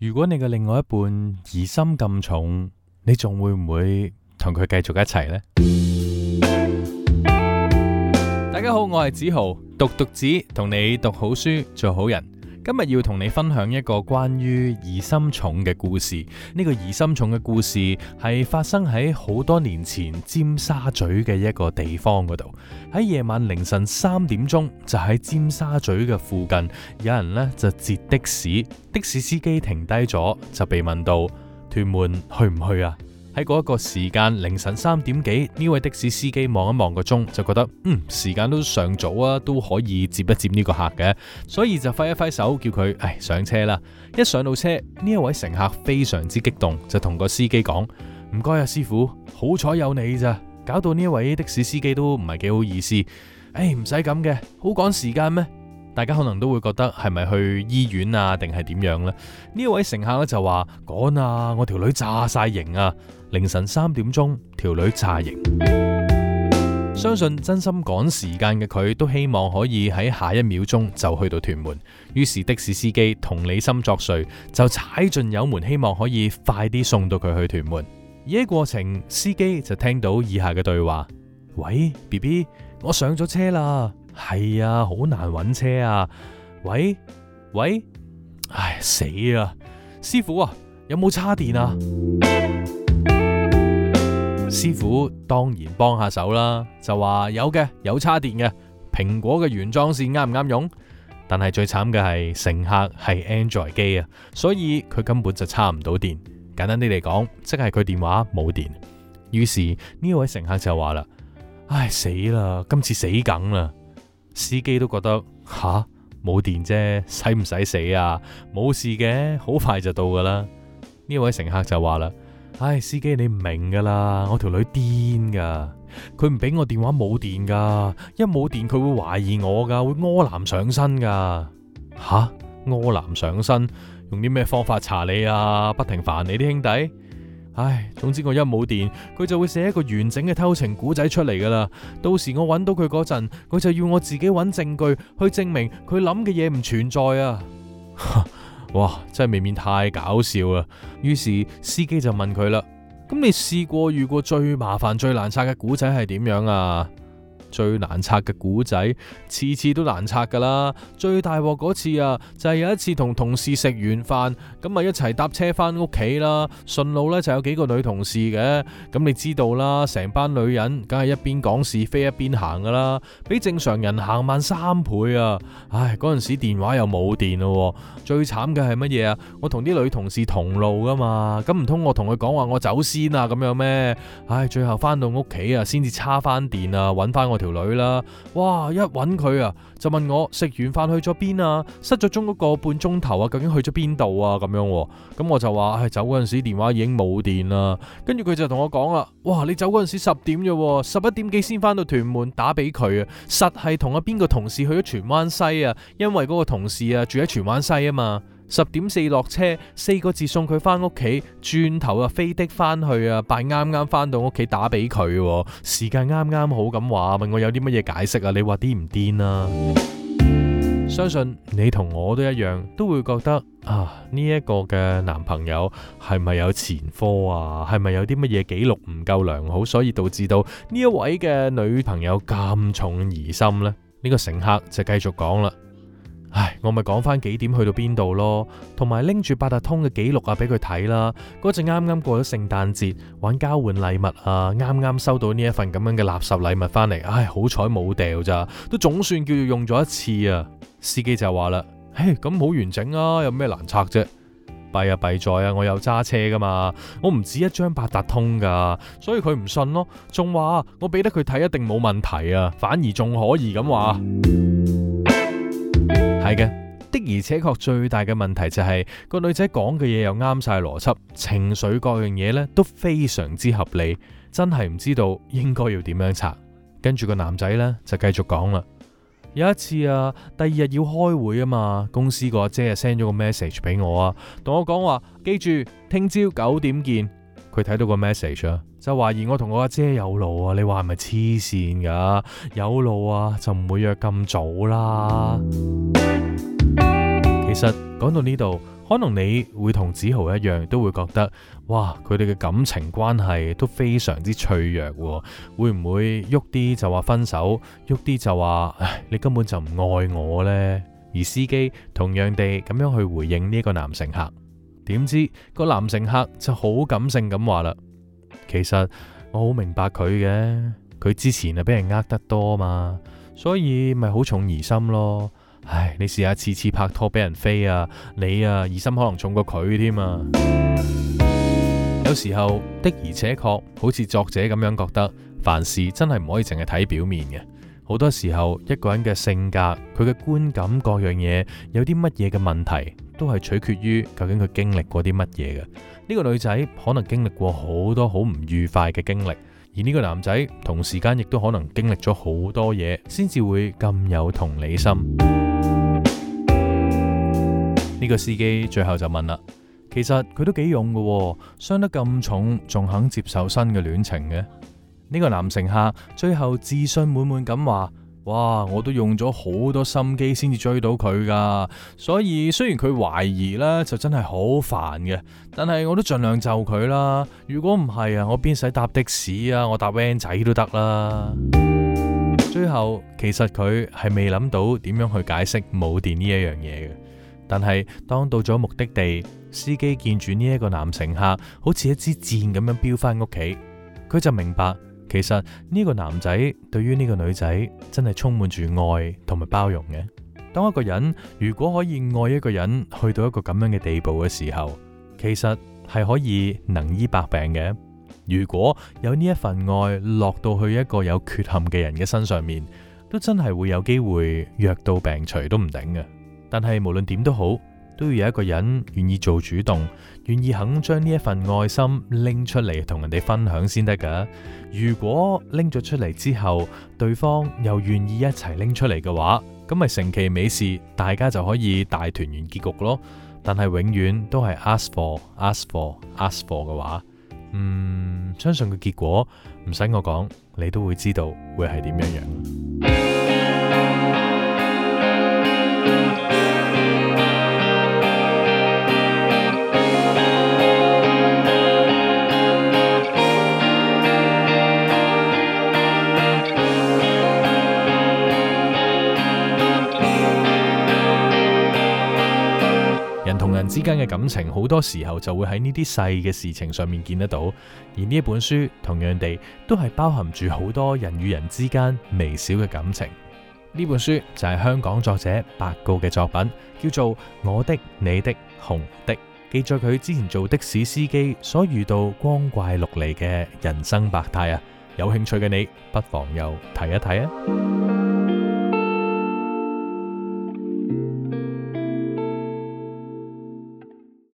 如果你嘅另外一半疑心咁重，你仲會唔會同佢繼續一齊呢？大家好，我係梓豪，獨讀子同你讀好書，做好人。今日要同你分享一個關於疑心重嘅故事。呢個疑心重嘅故事係發生喺好多年前尖沙咀嘅一個地方嗰度。喺夜晚凌晨三點鐘，就喺尖沙咀嘅附近，有人呢就截的士，的士司機停低咗，就被問到屯門去唔去啊？喺嗰一個時間，凌晨三點幾，呢位的士司機望一望個鐘，就覺得嗯，時間都尚早啊，都可以接一接呢個客嘅，所以就揮一揮手叫佢誒上車啦。一上到車，呢一位乘客非常之激動，就同個司機講，唔該啊師傅，好彩有你咋，搞到呢位的士司機都唔係幾好意思。唉、哎，唔使咁嘅，好趕時間咩？大家可能都會覺得係咪去醫院啊，定係點樣呢？呢位乘客咧就話趕啊，我條女炸晒營啊！凌晨三點鐘，條女炸營。 相信真心趕時間嘅佢，都希望可以喺下一秒鐘就去到屯門。於是的士司機同理心作祟，就踩盡油門，希望可以快啲送到佢去屯門。而喺過程，司機就聽到以下嘅對話：喂，B B，我上咗車啦。係啊，好難揾車啊！喂喂，唉死啊，師傅啊，有冇叉電啊？師傅當然幫下手啦，就話有嘅，有叉電嘅蘋果嘅原裝線啱唔啱用？但係最慘嘅係乘客係 Android 機啊，所以佢根本就插唔到電。簡單啲嚟講，即係佢電話冇電。於是呢位乘客就話啦：唉死啦，今次死梗啦！司機都覺得吓，冇電啫，使唔使死啊？冇事嘅，好快就到噶啦。呢位乘客就話啦：唉、哎，司機你唔明噶啦，我條女癲噶，佢唔俾我電話冇電噶，一冇電佢會懷疑我噶，會柯南上身噶。吓，柯南上身，用啲咩方法查你啊？不停煩你啲兄弟。唉，總之我一冇電，佢就會寫一個完整嘅偷情古仔出嚟噶啦。到時我揾到佢嗰陣，佢就要我自己揾證據去證明佢諗嘅嘢唔存在啊！ 哇，真係未免太搞笑啦！於是司機就問佢啦：咁你試過遇過最麻煩、最難拆嘅古仔係點樣啊？最難拆嘅古仔，次次都難拆噶啦。最大鑊次啊，就係有一次同同事食完飯，咁咪一齊搭車翻屋企啦。順路咧就有幾個女同事嘅，咁你知道啦，成班女人梗係一邊講是非一邊行噶啦，比正常人行慢三倍啊！唉，陣時電話又冇電咯，最慘嘅係乜嘢啊？我同啲女同事同路噶嘛，咁唔通我同佢講話我走先啊咁樣咩？唉，最後翻到屋企啊，先至叉翻電啊，揾翻我。條女啦，哇！一揾佢啊，就問我食完飯去咗邊啊，失咗蹤嗰個半鐘頭啊，究竟去咗邊度啊？咁樣，啊，咁我就話：，唉、哎，走嗰陣時電話已經冇電啦。跟住佢就同我講啦，哇！你走嗰陣時十點咋，十一點幾先翻到屯門，打俾佢啊，實係同阿邊個同事去咗荃灣西啊，因為嗰個同事啊住喺荃灣西啊嘛。十點四落車，四個字送佢翻屋企，轉頭啊飛的翻去啊，扮啱啱翻到屋企打俾佢，時間啱啱好咁話，問我有啲乜嘢解釋啊？你話癲唔癲啊？ 相信你同我都一樣，都會覺得啊呢一個嘅男朋友係咪有前科啊？係咪有啲乜嘢記錄唔夠良好，所以導致到呢一位嘅女朋友咁重疑心呢？呢個乘客就繼續講啦。唉，我咪講翻幾點去到邊度咯，同埋拎住八達通嘅記錄啊，俾佢睇啦。嗰陣啱啱過咗聖誕節，玩交換禮物啊，啱啱收到呢一份咁樣嘅垃圾禮物翻嚟，唉，好彩冇掉咋，都總算叫做用咗一次啊。司機就話啦，唉，咁好完整啊，有咩難拆啫？弊啊，弊在啊，我有揸車噶嘛，我唔止一張八達通噶，所以佢唔信咯，仲話我俾得佢睇一定冇問題啊，反而仲可以咁話。係嘅，的而且確最大嘅問題就係、是、個女仔講嘅嘢，又啱晒邏輯，情緒各樣嘢咧都非常之合理，真係唔知道應該要點樣拆。跟住個男仔咧就繼續講啦。有一次啊，第二日要開會啊嘛，公司姐姐個阿姐啊 send 咗個 message 俾我啊，同我講話記住聽朝九點見。佢睇到個 message 啊，就懷疑我同我阿姐有路啊，你話係咪黐線噶？有路啊就唔會約咁早啦。其實講到呢度，可能你會同子豪一樣，都會覺得哇，佢哋嘅感情關係都非常之脆弱，會唔會喐啲就話分手，喐啲就話，唉，你根本就唔愛我呢？而司機同樣地咁樣去回應呢個男乘客，點知個男乘客就好感性咁話啦，其實我好明白佢嘅，佢之前啊俾人呃得多嘛，所以咪好重疑心咯。唉，你試下次次拍拖俾人飛啊！你啊，疑心可能重過佢添啊！ 有時候的而且確，好似作者咁樣覺得，凡事真係唔可以淨係睇表面嘅。好多時候，一個人嘅性格、佢嘅觀感各樣嘢，有啲乜嘢嘅問題，都係取決於究竟佢經歷過啲乜嘢嘅。呢、呢個女仔可能經歷過好多好唔愉快嘅經歷，而呢個男仔同時間亦都可能經歷咗好多嘢，先至會咁有同理心。呢個司機最後就問啦，其實佢都幾勇嘅，哦，傷得咁重仲肯接受新嘅戀情嘅呢。呢個男乘客最後自信滿滿咁話，哇，我都用咗好多心機先至追到佢噶，所以雖然佢懷疑啦，就真係好煩嘅，但係我都盡量就佢啦。如果唔係啊，我邊使搭的士啊，我搭 van 仔都得啦。最後其實佢係未諗到點樣去解釋冇電呢一樣嘢嘅。但係，當到咗目的地，司機見住呢一個男乘客，好似一支箭咁樣飆翻屋企，佢就明白，其實呢個男仔對於呢個女仔，真係充滿住愛同埋包容嘅。當一個人如果可以愛一個人，去到一個咁樣嘅地步嘅時候，其實係可以能醫百病嘅。如果有呢一份愛落到去一個有缺陷嘅人嘅身上面，都真係會有機會藥到病除都唔定嘅。但係無論點都好，都要有一個人願意做主動，願意肯將呢一份愛心拎出嚟同人哋分享先得噶。如果拎咗出嚟之後，對方又願意一齊拎出嚟嘅話，咁咪成其美事，大家就可以大團圓結局咯。但係永遠都係 ask for，ask for，ask for 嘅 for, for 話，嗯，相信個結果唔使我講，你都會知道會係點樣樣。間嘅感情好多時候就會喺呢啲細嘅事情上面見得到，而呢一本書同樣地都係包含住好多人與人之間微小嘅感情。呢本書就係香港作者白告嘅作品，叫做《我的、你的、紅的》，記載佢之前做的士司機所遇到光怪陸離嘅人生百態啊。有興趣嘅你不妨又睇一睇啊。